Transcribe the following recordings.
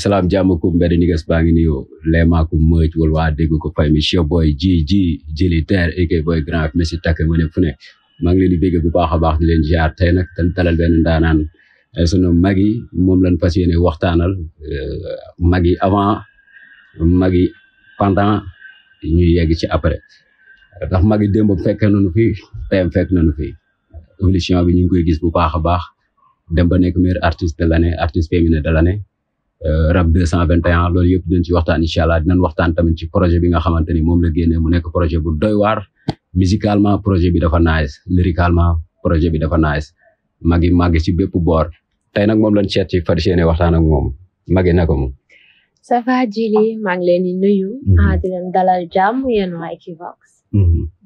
salam jàmm kum mberi nigas baa ngi niyo lema kum mëj wal waa dégg ko fay mi chef boy ji ji jëli terre équipe boy grand mais si takk ma ne fu ne maa ngi leen di bégg bu baax a baax leen jaar tey nag dañ dalal benn ndaanaan eh, sunu mag yi moom lañ fas yéene waxtaanal eh, mag yi avant mag yi pendant ñuy yegg ci après ndax mag yi démb fekk nañu fi fek fekk nañu fi évolution bi ñu ngi koy gis bu baax a baax dem ba nekk meilleur artiste de l'année artiste féminin de Euh, RAB 221 loolu yëpp dinañ ci waxtaan incha allah dinañ waxtaan tamit ci projet bi nga xamante ni moom la génnee mu nekk projet bu doy waar musicalement projet bi dafa nice lyricalement projet bi dafa nice magi magi ci bépp boor te nag moom lañ seet ci fas yéene waxtaan ak moom magi na ko sa ça va Djily maa ngi a di nuyu. Mhm. Ah, di leen dalal jàmm yéen waa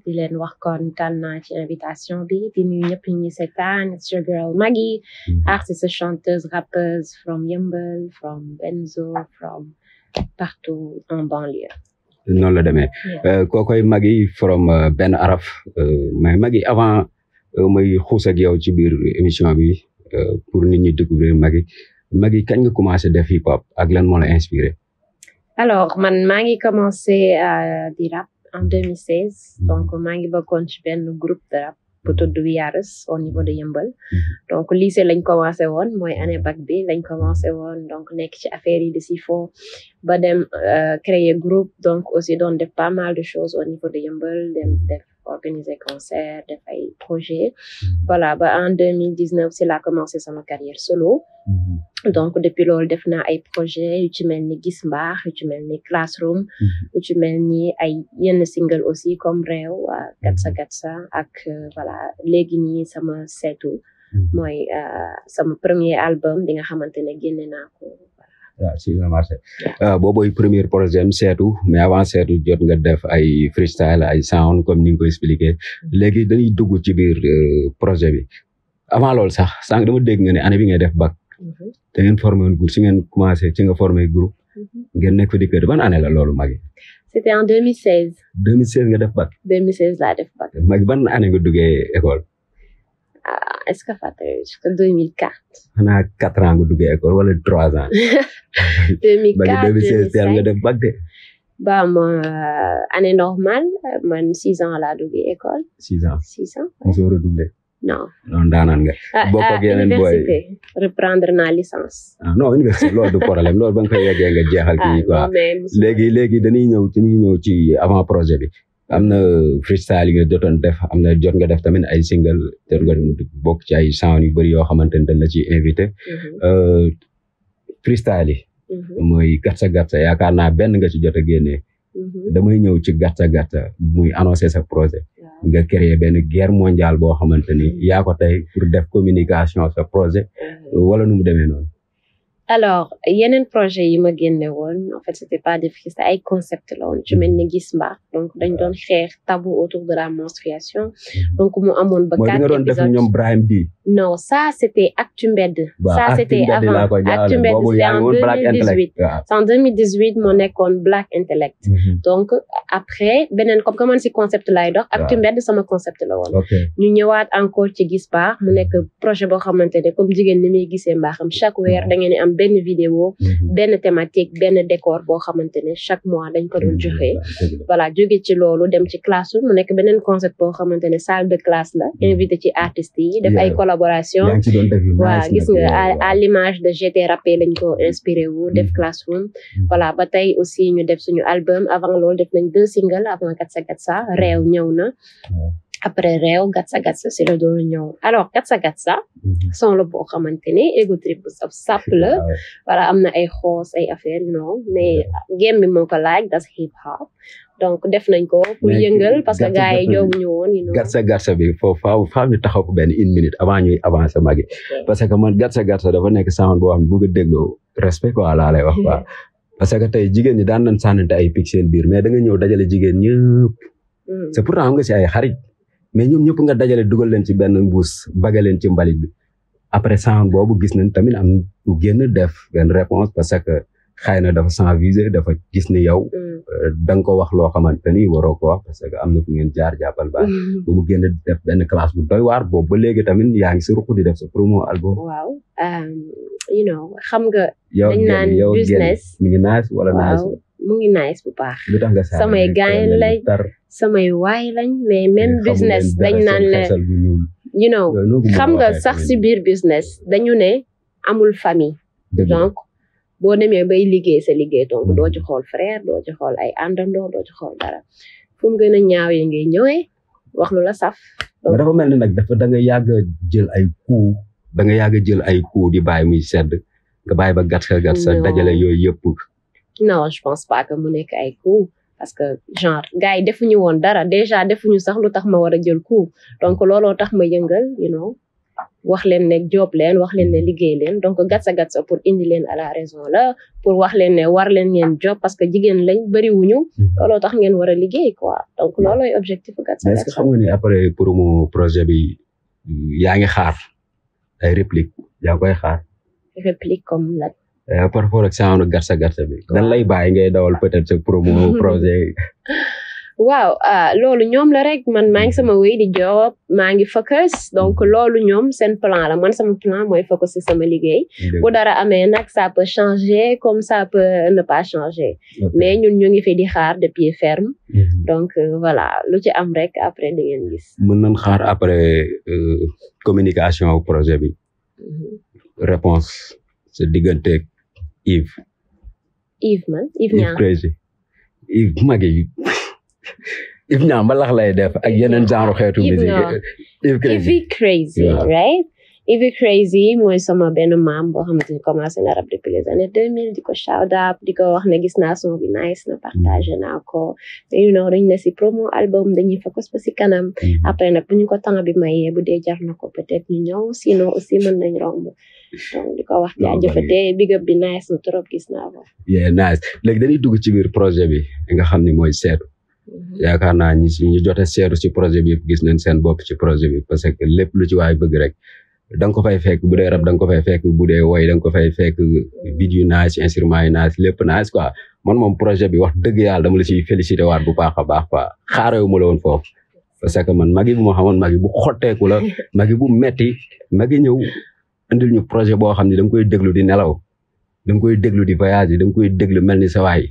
di leen wax kontaan naa ci invitation ñëpp ñi seetaan it's your girl Maggie artiste chanteuse rappeuse from Yeumbeul noonu la demee euh, kookoy Maggie from euh, Ben Araf euh, mais Maggie avant may xuus ak yow ci biir émission bi pour nit ñi découvrir Maggie Maggie kañ nga commencé def hip ak lan moo la inspiré alors man maa ngi commencé en 2016 mhm. donc maa ngi bokkoon ci benn groupe de rap bu tudd Wiaris au niveau de Yëmbal mhm. donc lycée lañ commencé woon mooy année bac bi lañ commencé woon donc nekk ci affaire yi de si fo ba dem euh, créer groupe donc aussi doon def pas mal de choses au niveau de Yëmbal dem def organiser concert def ay projet mhm. voilà ba en 2019 si la commencé sama carrière solo donc depuis loolu def naa ay projet yu ci mel ni gis mbaax yu ci mel ni classroom mhm. yu ci mel ni ay yenn single aussi comme réew waa mhm. gatsa gatsa ak euh, voilà léegi nii sama seetu mhm. mooy euh, sama premier album bi nga xamante ne génne naa ko waaw ah, si euh, premier projet am seetu mais avant seetu jot nga def ay freestyle ay sound comme ni koy ko expliqué léegi dañuy dugg ci biir projet bi avant loolu sax sànq dama dégg nga ne année bi ngay def bac te ngeen formé woon groupe si ngeen commencé ci nga formé groupe. Mhm. ngeen nekk fa di kër ban année la loolu magi c'était en 2016. 2016 nga def bac. 2016 laa def bac. magi ban année nga duggee école. ah ce que fàttali jusqu'à 2004. xanaa quatre ans nga duggee école wala teel nga def bac de. ba ma euh, année normale man six ans laa duggee école. six ans six ans. mosoo redoublé. non non ndaanaan nga. Ah, ah, bokk ak yeneen booy université lool naa licence. ah ba nga koy yeggee nga jeexal. Ah, kii quoi léegi léegi dañuy ñëw dañuy ñëw ci avant projet bi. am na freestyle yi nga am na jot nga def tamit ay single jot nga bokk ci ay sound yu bëri yoo xamante ne dañ la ci invité. Mhm. Euh, freestyle yi. Mhm. mooy gatsa gatsa yaakaar naa benn nga ci jot a génnee. Mhm. damay ñëw ci gatsa gatsa muy annoncé sa projet. nga créer benn guerre mondiale boo xamante ni mm. yaa ko tey pour def communication sa projet mm. wala nu mu demee noonu. alors yeneen projet yi ma génne woon en fait c'était pas difficile ay concept la woon ci mel gis mbaax donc dañ doon xeex tabou autour de la menstruation mm. donc mu amoon. ba quatre épisodes doon def ñoom Brahim di. non ça c'était Actu Mbedd ça c'était avant Actu Mbedd c'est en 2018 c'est en nekkoon Black Intellect mhm. donc après beneen comme que man si concept laay dox Actu Mbedd sama concept la woon ñu ñëwaat encore ci gis baax mu nekk projet boo xamante ne comme jigéen ni muy gisee mbaaxam chaque mhm. weer da ngeen di am benn vidéo mhm. benn thématique benn décor boo xamante ne chaque mois dañ ko doon joxe voilà jóge ci loolu dem ci classe mu nekk beneen concept boo ne salle de collaboration waaw gis nga à l'image de GT Rappé lañ ko inspiré wu def mm. classroom mm. voilà ba tey aussi ñu def suñu album avant loolu def nañ deux singles avant Gatsa Gatsa réew ñëw na après réew Gatsa Gatsa si la doon ñëw alors Gatsa Gatsa mm-hmm. son la boo xamante ne ego trip sap sap la voilà am na ay xoos ay affaire you mais game bi moo ko hip hop donc def nañ ko pour yëngal parce que gars yi jooguñu woon yi garsa bi foofu faaw faaw ñu taxaw ko benn une minute avant ñuy avancer magi parce que man garsa garsa dafa nekk sound boo xam ne bu nga dégloo respect quoi laa lay wax quoi hmm. parce que tey jigéen ñi daan nañ sànnante ay picc seen biir mais da nga ñëw dajale jigéen ñëpp hmm. c'est pour am nga si ay xarit mais ñoom ñëpp nga dajale dugal leen ci benn mbuus baga leen ci mbalit bi après sound boobu gis nañ tamit am bu génn def benn réponse parce que xëy na dafa sensibiliser dafa gis ne yow. Mm. Euh, da ko wax loo xamante ni waroo ko wax parce que am na ku ngeen jaar jàppal ba. Mm-hmm. ba mu benn classe bu doy waar boobu ba léegi tamit yaa ngi si ruq di def sa promo album. waaw um, you know xam nga. yow génn yow génn mi ngi nice wala nice. mu ngi nice bu baax. samay waay lañ mais même business dañ naan la you know xam sax si biir business dañu ne amul famille donc. boo demee bay liggéey sa liggéey donc mm-hmm. doo ci xool frère doo ci xool ay àndandoo doo ci xool dara fu mu gën a ñaaw yi ngay ñëwee wax lu la saf. donc dafa mel ni nag dafa da nga yàgg jël ay coups da nga jël ay coups di bàyyi muy sedd nga bàyyi ba gàtt sa gàtt sa dajale yooyu yëpp. non je pense pas que mu ay coups parce que genre gars yi defuñu woon dara déjà defuñu sax lu tax ma war a jël coup donc mm. looloo tax ma yëngal you wax leen ne job leen wax leen ne liggéey leen donc gatsa gatsa pour indi leen à la raison la pour wax leen ne war leen ngeen job parce que jigéen lañ bëri wuñu hmm. looloo tax ngeen war a liggéey quoi donc hmm. loolooy objectif gatsa gatsa. est-ce que xam nga ni après promo projet bi yaa ngi xaar ay réplique yaa koy xaar. réplique comme la. par rapport ak saa gatsa gatsa bi. dan lay bàyyi ngay dawal peut-être sa promo projet. waaw uh, loolu ñoom la rek man maa ngi sama wéy di job maa ngi focus donc loolu ñoom seen plan la man sama plan mooy focus ci sama liggéey bu dara amee nag ça peut changer comme ça peut ne pas changer mais ñun ñu ngi fi di xaar de pied ferme mhm. donc euh, voilà lu ci am rek après di ngeen gis mën nañ xaar après euh, communication projet bi mm -hmm. réponse sa diggante Yves Yves man Yves Niang Ibna mbalax lay def ak yeneen genre xeetu musique. Ivi Crazy right. mooy sama benn maam boo xamante si commencé na rap depuis les années 2000 di ko shout out di ko wax ne gis naa son bi nice na partagé naa ko. you know dañu ne si promo album dañuy focus si kanam. Mm-hmm. après nag bu ñu ko temps bi mayee bu dee jar na ko peut être ñu ñëw sinon aussi mën nañ romb. di ko wax jaajëfatee big up bi nice na trop gis naa ko. nice léegi dañuy dugg ci biir projet bi nga xam ne mooy seetu. Mhm. yaakaar naa ñi si jote seeru ci projet bi yëpp gis nañ seen bopp ci projet bi parce que lépp lu ci waay bëgg rek dan ko fay fekk bu dee rab da ko fay fekk bu dee woy da nga ko fay fekk vidéo naaj instrument yi naaj lépp naaj quoi man moom projet bi wax dëgg yàlla dama la ciy félicité waat bu baax a baax quoi xaarewu ma la woon foofu parce que man magi bu ma xamoon magi bu xotteeku la magi bu metti magi ñëw indil ñu projet boo xam ne da nga koy déglu di nelaw da koy déglu di voyage da nga koy déglu mel ni sa waay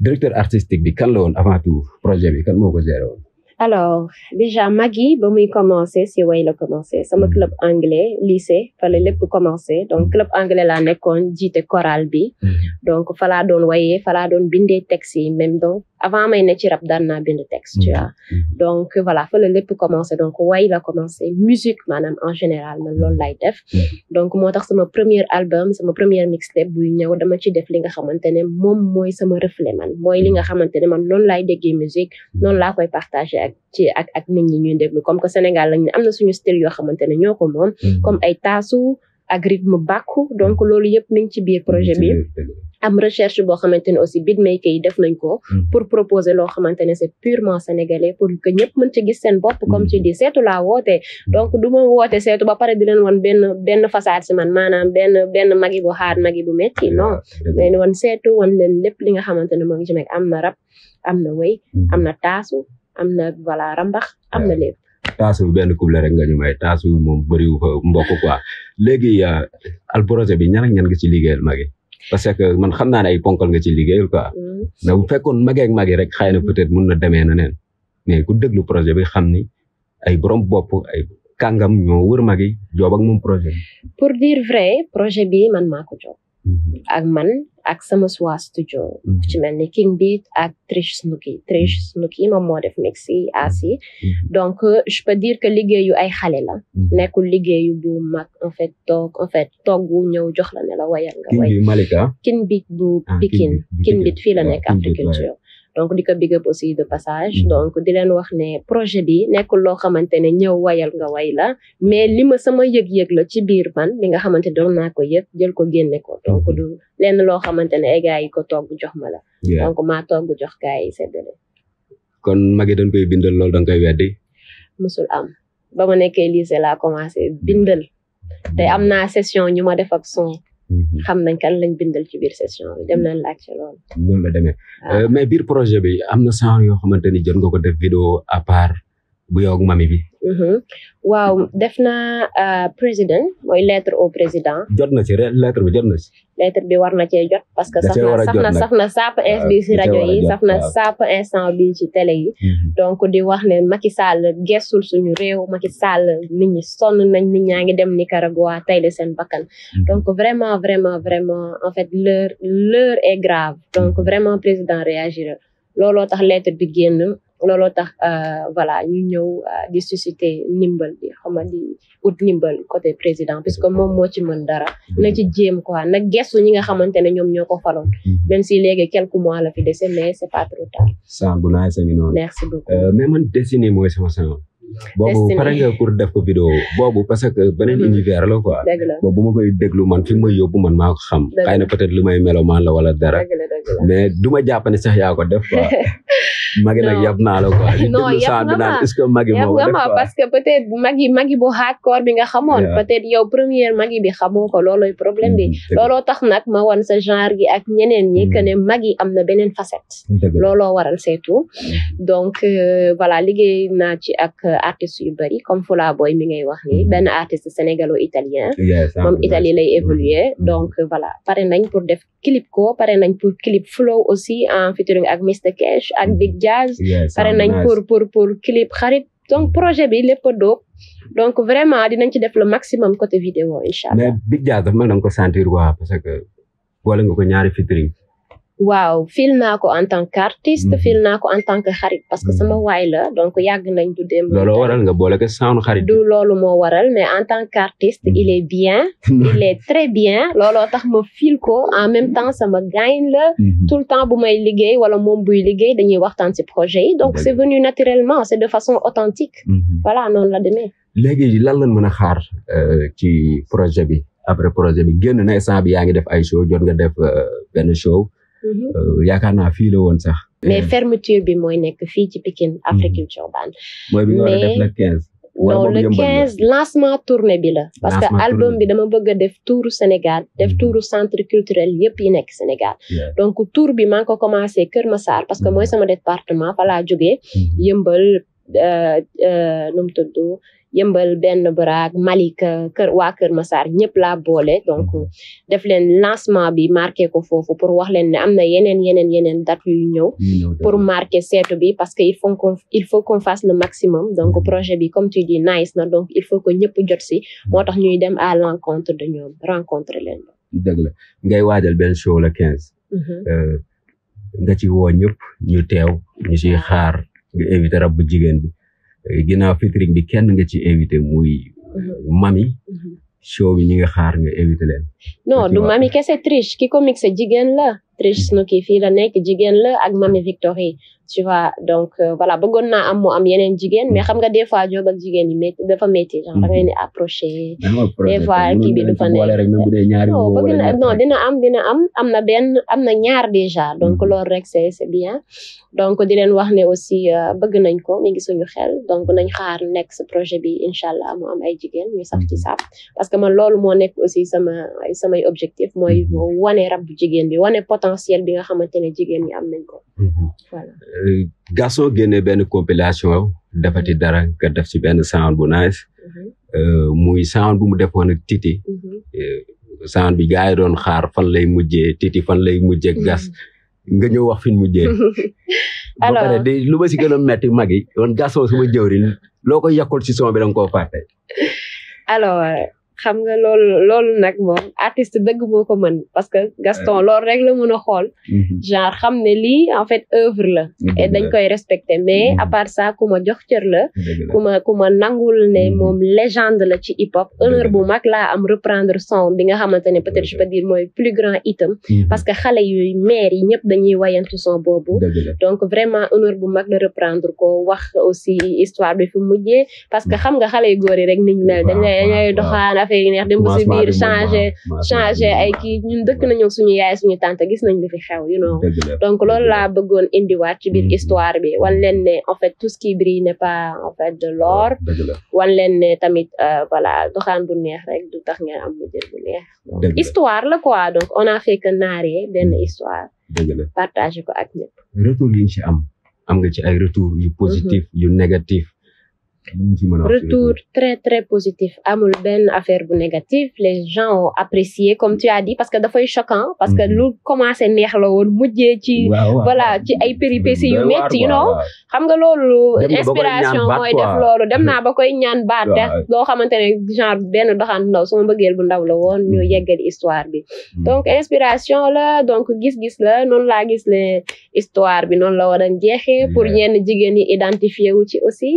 directeur artistique bi kan la woon avant projet bi kan moo ko géré woon. alors déjà Maggie ba muy commencé si way la commencé sama mm. club anglais lycée fa la lépp commencé donc club anglais laa nekkoon jiite chorale bi mm-hmm. donc fa doon wayee fa doon bindee texte yi même donc avant may ne ci rap daan naa bind texte mm-hmm. Mm-hmm. donc voilà fa la lépp commencé donc way la commencé musique maanaam en général man loolu lay def donc moo tax sama premier album sama premier mixtape buy ñëw dama ci def li nga xamante ne moom mooy sama reflet man mooy li nga xamante ne man noonu laay déggee ak ci ak ak nit ñi ñuy déglu comme que Sénégal lañu ne am na suñu style yoo xamante ne ñoo ko moom mm-hmm. comme ay taasu ak rythme bàkku donc mm-hmm. loolu yëpp nañ ci biir projet bi mm-hmm. am recherche boo xamante ne aussi beatmaker yi def nañ ko pour proposer loo xamante ne c'est purement sénégalais pour que ñëpp mën ci gis seen bopp comme tu dis seetu laa woote donc du ma woote seetu ba pare di leen woon benn benn façade si man maanaam benn benn magi bu xaar magi bu metti non mais ah, woon seetu woon leen lépp li nga xamante ne moo ngi ci nekk am na am na am na voilà rambax am na lépp. taas bi benn couple rek nga ñu may taas bi moom bëriwu fa mbokk quoi léegi euh, al projet bi ñan ak ñan nga ci liggéeyal magi parce que man xam naa ne ay ponkal nga ci liggéeyal quoi. mais hmm. bu fekkoon magi ak magi rek xëy na hmm. peut-être mun na demee na neen mais ku déglu projet bi xam ni ay borom bopp ay kàngam ñoo wër magi joob ak moom projet pour dire vrai projet bi man maa ko Mm-hmm. ak man ak sama waa studio mm-hmm. ku mel ni King Beat ak Trish Snooki Trish mm-hmm. Snooki moom moo def mix yi as yi donc je peux dire que liggéeyu ay xale la nekkul liggéeyu bu mag en fait toog en fait toggu ñëw jox la ne la wayal nga way King Beat bu ah, Pikine King Beat fii la nekk donc di ko big up aussi de passage mm. donc di leen wax ne projet bi nekkul loo xamante ne ñëw wayal nga way la mais li ma sama yëg-yëg la ci biir man li nga xamante doon naa ko yëg jël ko génne ko donc mm-hmm. lenn loo xamante ne ay gars yi ko togg jox ma la donc maa togg jox gars yi seddale kon magi dañ koy bindal loolu da nga koy weddi musul am ba ma nekkee lycée la commencé bindal te am naa session ñu ma def ak son Mhm. xam nañ kan lañ bindal ci biir session bi dem nañ laaj ci loolu. noonu la demee euh, mais biir projet bi am na genre yoo xamante ni jot nga ko def vidéo à part. bu yow ak mami bi. Mhm. waaw def naa euh, président mooy lettre au président. jot na ci lettre bi jot na ci. bi war na cee jot. parce que saf na saf na saf na sapp instant bi ci rajo yi saf na sapp instant bi ci télé yi. Mhm. donc di wax ne Macky Sall gestul suñu réew Macky Sall nit ñi sonn nañ nit ñaa ngi dem Nicaragua tey de seen bakkan. Mhm. donc vraiment vraiment vraiment en fait l'heure l'heure est grave. donc vraiment président réagir looloo tax lettre bi génn. looloo tax euh, voilà ñu ñëw euh, di susciter ndimbal bi xama di ut ndimbal côté président que moom moo ci mën dara na ci jéem quoi nag gestu ñi nga xamante ne ñoom ñoo ko faloon mm-hmm. même si léegi quelque mois la fi dese mais c'est pas trop tard sa bu naay sa ngi noonu merci beaucoup euh, mais man dessiné mooy sama sama boobu pare pour def ko vidéo boobu parce que beneen mm-hmm. univers la quoi boobu ma koy déglu man fi may yóbbu man maa xam xëy na peut lu li may melomaan la wala dara mais duma ma jàpp ne sax yaa ko def quoi magi nag yab naa la quoi di déglu sound bi naan est-ce que magi moo def quoi parce que peut-être magi magi bu hardcore bi nga xamoon peut-être yow première magi bi xamoo ko loolooy problème bi mm-hmm. looloo tax nag ma wan sa genre gi ak ñeneen ñi que ne mm-hmm. magi am na beneen facette looloo waral surtout mm-hmm. donc euh, voilà liggéey naa ci ak euh, yu bari comme Fula Boy mi ngay wax ni benn artiste sénégalo-italien moom Italie lay évoluer donc euh, voilà pare nañ pour def clip ko pare nañ pour clip flow aussi jazz pare nañ pour pour pour clip xarit donc projet bi lépp a dóob donc vraiment dinañ ci def le maximum côté vidéo incha allah mais Big Jazz dafa mel da nga ko sentir quoi parce que boole nga ko ñaari featuring waaw fil naa ko en tant qu'artiste mhm. fil naa ko en tant que xarit parce que mhm. sama waay la donc yàgg nañ du dem looloo waral nga boole ko sound xarit du loolu moo waral mais en tant qu'artiste mhm. il est bien il est très bien looloo tax ma fil ko en même temps sama gaañ la tout le temps bu may liggéey wala moom buy liggéey dañuy waxtaan si projet yi donc c'est venu naturellement c'est de façon authentique voilà noonu la demee léegi lan lañ mën a xaar euh, ci projet bi après projet bi génn na instant yaa ngi def ay show jot nga def euh, benn show Mhm. Euh, yaakaar naa fii woon sax. mais fermeture bi mooy nekk fii ci Pikine mhm. Africulture Urbaine. mooy bi nga non le quinze lancement tournée bi la. parce que album bi dama bëgg a def tuuru Sénégal def mhm. tuuru centre culturel yëpp yi nekk Sénégal. donc tour bi maa ngi ko commencé Kër Massar parce que mooy sama département fa laa jógee. yëmbal euh, euh, nu mu tudd yëmbal benn baraag Malika kër waa Kër Massar ñëpp laa boole donc def leen lancement bi marqué ko foofu pour wax leen ne am na yeneen yeneen yeneen date yu ñëw pour marquer seetu bi parce que il faut qu'on il faut qu'on fasse le maximum donc mm-hmm. projet bi comme tu dis nice na donc il faut que ñëpp jot si mm-hmm. moo tax ñuy dem à l'encontre de ñoom rencontrer leen dëgg la ngay waajal benn show la quinze mm-hmm. euh, nga ci woo ñëpp ñu teew ñu ciy xaar nga invité rab bu jigéen bi Eh, ginnaaw featuring bi kenn nga ci invité muy mhm. euh, mami mhm. so bi ñu ngi xaar nga invité leen non du mami kese Triche ki ko mixé jigéen la Triche mhm. Snooki fii la nekk jigéen la ak mami Victory tu donc euh, voilà bëggoon naa am moo am yeneen jigéen mais mm. xam nga des fois job ak jigéen yi métti dafa métti genre da ngay mm-hmm. ni approché des fois kii bi du fa nekk dina am dina am am na benn am na ñaar déjà donc mm-hmm. loolu rek c'est c'est bien donc di leen wax ne aussi euh, bëgg nañ ko mi ngi suñu xel donc nañ xaar nekk sa projet bi incha allah mu am ay jigéen ñu sax ci mm-hmm. saab parce que ma loolu moo nekk aussi sama samay objectif mooy wane rab bu jigéen bi wane potentiel bi nga xamante ne jigéen ñi am nañ ko voilà Euh, Gaston génne benn compilation defati dara nga def ci benn sound bu nice mhm. euh, muy sound bu mu defoon ak Titi mhm. euh, sound bi gars doon xaar fan lay mujjee Titi fan lay mujjee gas mhm. nga ñëw wax fi mu mujjee. alors ba pare de lu ma si gën a metti mag yi woon Gaston suma jëwrin loo ko yàqul si son bi da nga xam nga loolu loolu nag moom artiste dëgg moo ko mën parce que Gaston loolu rek la mën a xool mhm. genre xam ne lii en fait œuvre la et dañ koy respecter mais mhm. à part ça ku ma jox cër la ku ma ku ma nangul ne mhm. moom légende la ci hip hop honneur bu mag laa am reprendre son bi nga xamante ne peut-être je peux dire mooy plus grand item parce que xale yuy maire yi ñëpp dañuy wayantu son boobu donc vraiment honneur bu mag la reprendre ko wax aussi histoire bi fi mujjee parce que xam nga xale yu góor yi rek niñ affaire yi neex dem ba biir changé changé ay kii ñun dëkk nañu suñu yaay suñu tante gis nañ li fi xeew you know donc loolu laa bëggoon indiwaat ci biir mhm. histoire bi wan leen ne en fait tout ce qui brille n'est pas en fait de l'or wan leen ne tamit euh, voilà doxaan bu neex rek tax ngeen am mujjël bu neex histoire la quoi donc on a fait que naaree benn mhm. histoire partagé ko ak ñëpp retour yi ñu am am nga ci ay retour yu positif mhm. yu négatif retour très très positif amul benn affaire bu négatif les gens ont apprécié comme tu as parce que dafay choquant parce que mhm. lu commencé neex la woon mujjee ci voilà ci ay péripéties yu métti you know xam nga loolu inspiration mooy def loolu dem na ba koy ñaan baat te loo xamante ne genre benn doxaan ndaw suma mbëggeel bu ndaw la woon ñu mhm. yeggali histoire bi mhm. donc inspiration la donc gis-gis la noonu laa gis ne histoire bi noonu la war a jeexee pour ñenn jigéen yi identifier wu ci aussi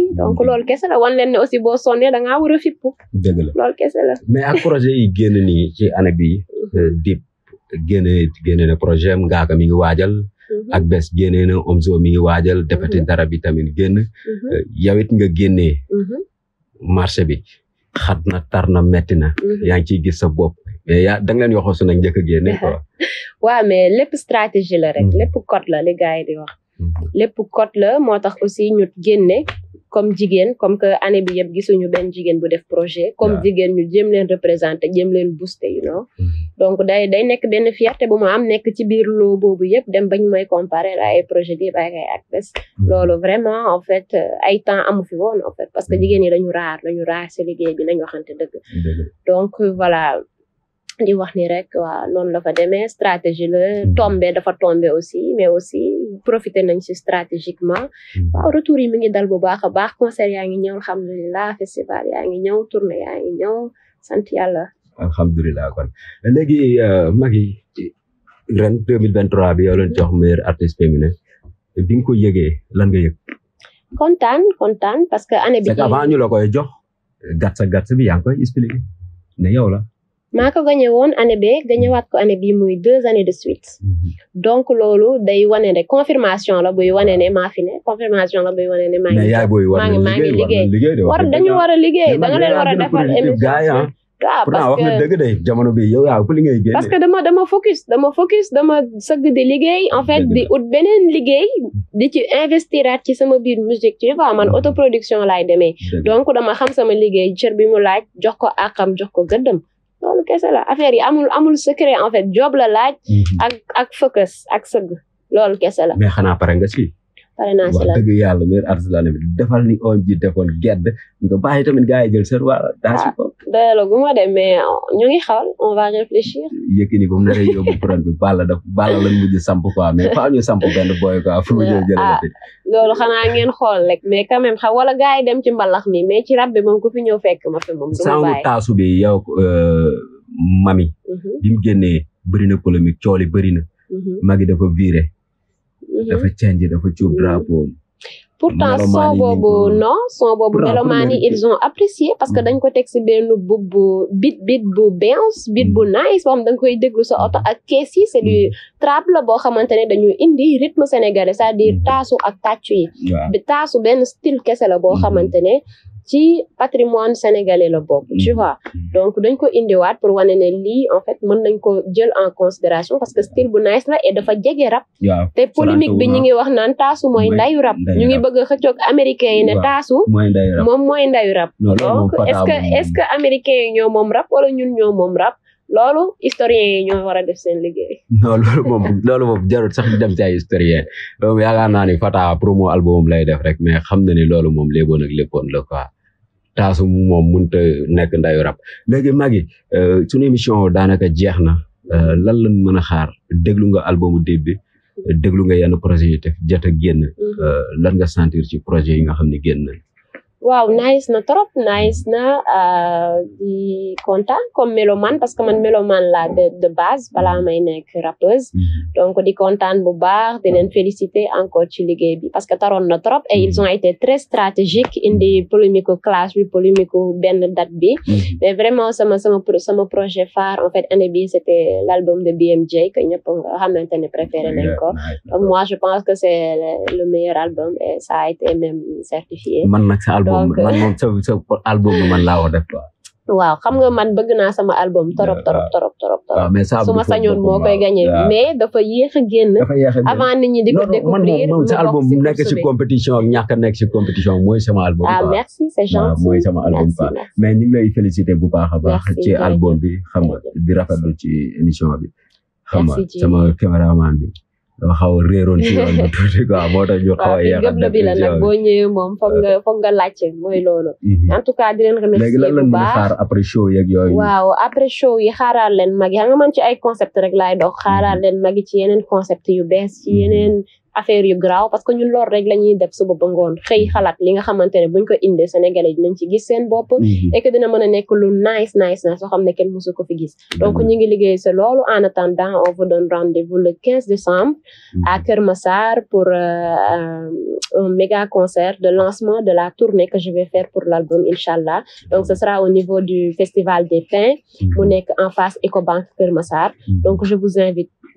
kese la wan leen ne aussi boo sonnee da ngaa war a fippu. dëgg mais ak projet yi génn nii ci année bi mhm. euh, Dip génne génne na projet am Ngaaka mi ngi waajal. Mhm. ak bés génnee na Omzo mi ngi waajal. Mhm. député dara bi tamit génn. Euh, yow it nga génnee. marché bi xat na tar na metti na. yaa ngi ciy gis sa bopp. mais yaa da nga leen waxoon su nag njëkk a stratégie la rek. lépp code la li moo tax aussi ñu génne. comme jigéen comme que année bi yëpp gisuñu benn jigéen bu def projet comme jigéen ñu jéem leen représenté jéem leen booster you know mm-hmm. donc day day nekk benn fierté bu ma am nekk ci biir loo boobu yëpp dem bañ may comparer ay projet bi ak ay actrices mm-hmm. loolu vraiment en fait ay temps amu fi woon en fait parce que mm-hmm. jigéen ñi dañu raar dañu raar si liggéey bi nañu waxante dëgg donc voilà di wax ni rek waaw loolu la fa demee stratégie la hmm. tombé dafa tombé aussi mais aussi profité nañ si stratégiquement hmm. waaw retour yi mi ngi dal bu baax a baax concert yaa ngi ñëw alhamdulilah festival yaa ngi ñëw tournée yaa ngi ñëw sant yàlla alhamdulilah kon léegi euh, Maggy ren 2023 bi yow leen jox meilleur artiste féminin bi nga ko yëgee lan nga yëg kontaan kontaan parce que année bi koy jox gàtt sa gàtt yow la maa ko gagné woon année bee gagné waat ko année bii muy deux années de suite mhm. donc loolu day wane ne confirmation la buy wane ne maa fi ne confirmation la buy wane ne maa ngi a liggéey da nga leen war a defal émission ah. waaw parce que dëgg de jamono bi yow yaa li ngay génne parce que dama dama focus dama focus dama sëgg di liggéey en fait di ut beneen liggéey di ci investiraat ci sama biir musique ci vois man autoproduction laay demee donc dama xam sama liggéey cër bi mu laaj jox ko àqam jox ko gëddam loolu kese la affaire yi amul amul secret en fait job la laaj. Mhm. ak ak focus ak sëgg loolu kese la. mais xanaa pare nga si. parrainage la dëgg yàlla meer artisanal bi defal ni on ji defoon gedd nga bàyyi tamit gars yi jël seen waa daasi ko ah, doyala gu de mais ñu ngi xawal on va réfléchir Yékini ba mu nar a yóbbu couronne bi balla daf balla lan mujj samp quoi mais faa ñu ah, xool rek mais quand même xam wala gars yi dem ci mbalax mi mais ci rab bi moom ku fi ñëw fekk ma fi moom du ma taasu bi yow euh, mami mhm. bi mu génnee bëri na polémique cooli bëri na mhm. magi dafa viré Mhm. dafa changé dafa cuub mhm. drapeau pourtant son boobu non son boobu melomaan ils ont apprécié parce que mhm. dañ ko teg si benn bub bu bit bit bu bounce bit bu nice boo xam koy déglu sa oto ak kees yi c'est du trap la boo xamante ne dañuy indi rythme sénégalais c'est-à-dire taasu ak tàccu yi taasu benn style kese la boo xamante ne ci patrimoine sénégalais la bokk tu mm-hmm. vois mm-hmm. donc dañ ko indiwaat pour wane ne lii en fait mën nañ ko jël en considération parce que style bu nice la et dafa jege rap te polémique bi ñu wax naan taasu mooy ndayu rap ñu ngi bëgg a xëccoog américains yi ne taasu moom mooy ndayu rap donc est-ce que est-ce que américains yi moom rap wala ñun ñoo moom rap loolu historien yi ñoo war a def seen liggéey. non loolu moom loolu moom jarul sax dem ci ay historien yaakaar naa ni Fata promo album lay def rek mais xam na ni loolu moom léeboon ak léppoon quoi. taasu moom mënta nekk ndayu rab léegi Magui euh, sunu émission daanaka jeex na euh, lan lañ mën a xaar déglu nga albumu début déglu nga yenn projet yi te jot a génn mm-hmm. euh, lan nga sentir ci projet yi nga xam ne génn waaw nice na trop nice na euh, di kontaan comme mélomane parce que man mélomane la de de base balaa may nekk rappeuse mhm. donc di kontaan bu baax di leen féliciter encore ci liggéey bi parce que taroon na trop et ils mhm. ont été très stratégiques indi polémique classe bi polémique benn date bi mhm. mais vraiment sama sama sama projet phare en fait année bi c'était l'album de BMJ que ñëpp nga xamante ne préféré nañ donc moi je pense que c'est le meilleur album et ça été même certifié album man moom sa sa album bi man laa war def quoi. waaw xam nga man bëgg naa sama album torop torop torop torop torop su ma sañoon moo koy gagné mais dafa yéex a génn avant nit ñi di ko découvrir non sa album nekk ci compétition ak ñàkk a nekk ci compétition mooy sama album ah merci c'est gentil mooy sama album ba mais ñu ngi lay féliciter bu baax a baax ci album bi xam nga di rafetlu ci émission bi xam nga sama caméraman bi dama xaw a réeroon ci yoon bi tuuti quoi moo tax xaw a yéex a def nag boo ñëwee moom foog nga euh. foog nga laajte mooy loolu mhm. en tout cas di leen remercier léegi lan la après show yi xaaraal leen mag yi xam nga ci ay concept rek laay dox mhm. xaaraal leen mag yi ci yeneen concept yu bees ci mhm. yeneen affaire yu graaw parce que ñun loolu rek la ñuy def suba ba ngoon xëy xalaat li nga xamante ne buñ ko indee sénégalais dinañ ci gis seen bopp mhm. et que dina mën a nekk lu nice nice na soo xam ne kenn mosu ko fi gis mhm. donc ñu ngi liggéey sa loolu en attendant on vous donne rendez-vous le 15 décembre à mhm. Kër Massar pour euh, euh, un méga concert de lancement de la tournée que je vais faire pour l'album Inch'Allah donc ce sera au niveau du festival des pins nekk en face Ecobank Kër Massar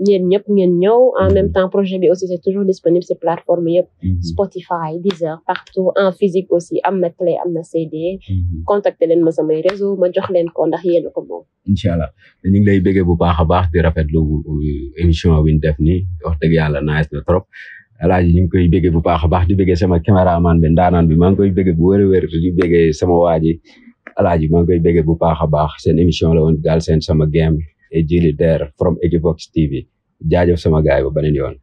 ñeen ñëpp ngeen ñëw en même mm-hmm. temps projet bi aussi c'est toujours disponible sur plateforme yëpp mm-hmm. Spotify Deezer partout en physique aussi am na clé am na CD mm-hmm. contacter leen ma samay réseau ma jox leen ko ndax yéen ko moom incha allah ñu ngi lay béggee bu baax a baax di rafetlu euh, émission bi ñu def nii wax dëgg yàlla nice na trop alaaji ñu ngi koy béggee bu baax a baax di béggee sama caméraman bi ndaanaan bi maa ngi koy béggee bu wér a wér di béggee sama waaji alaaji maa ngi koy béggee bu baax a baax seen émission la won woon seen Sama Game et Jili Der from Equivox TV jaajëf sama gaay ba beneen yoon.